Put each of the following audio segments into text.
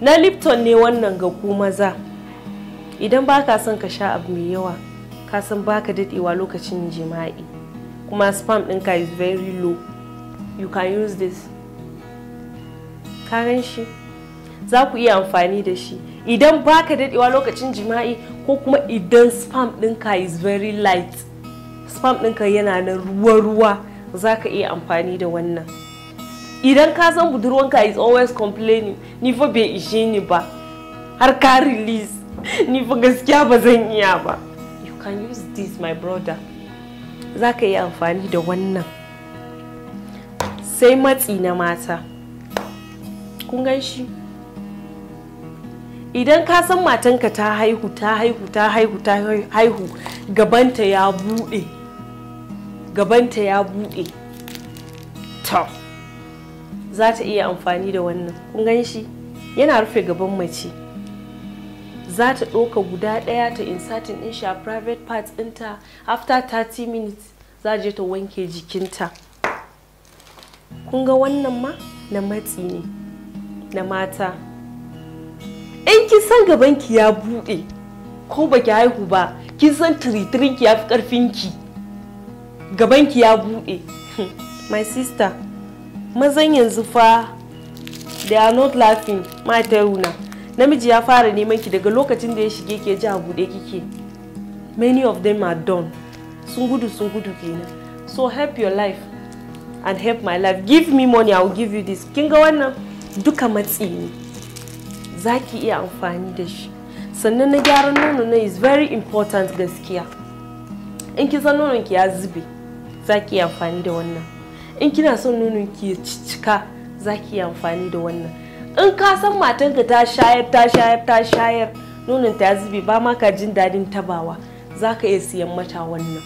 na lipton ne wannan ga ku maza idan ba ka son ka sha abu mai yawa ka san ba ka daɗewa lokacin jima'i kuma spam ɗinka is very low you can use this kayan shi za ku iya amfani da shi idan ba ka daɗewa lokacin jima'i ko kuma idan spam ɗinka is very light spam ɗinka yana na ruwa-ruwa za ka iya amfani da wannan idan ka san budurwanka is always complaining ni fa bai ishe ni ba har ka release ni fa gaskiya ba zan iya ba you can use this my brother za ka yi amfani da wannan sai matsi na mata kun gan shi idan ka san matanka ta haihu ta haihu ta haihu ta haihu gabanta ya buɗe gabanta ya buɗe ta. za ta iya amfani da wannan kun gan shi yana rufe gaban mace za ta ɗauka guda ɗaya ta insatin ɗin sha a private parts ɗinta after 30 minutes za je ta wanke jikinta kun ga wannan ma na matsi ne na mata in kin san gabanki ya buɗe ko baki haihu ba kin san tiritirinki ya fi ƙarfinki gabanki ya buɗe my sister mazan yanzu fa they are not laughing my taruna namiji ya fara neman ki daga lokacin da ya shige ke ji a buɗe kike many of them are done sun gudu sun gudu kenan so help your life and help my life give me money i will give you this kin ga wannan duka matsi ne za iya amfani da shi sannan na gyara nono na is very important gaskiya in ki san nonon ki ya zube zaki iya amfani da wannan in kina son nonon ki cicika zaki yi amfani da wannan in ka san matanka ta shayar ta shayar ta shayar nonon ta zube ba ma ka jin dadin tabawa za ka iya siyan mata wannan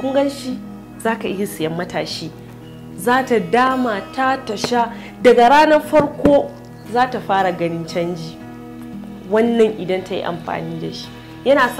kun gan shi za iya siyan mata shi za ta dama ta ta sha daga ranar farko za ta fara ganin canji wannan idan ta yi amfani da shi yana sa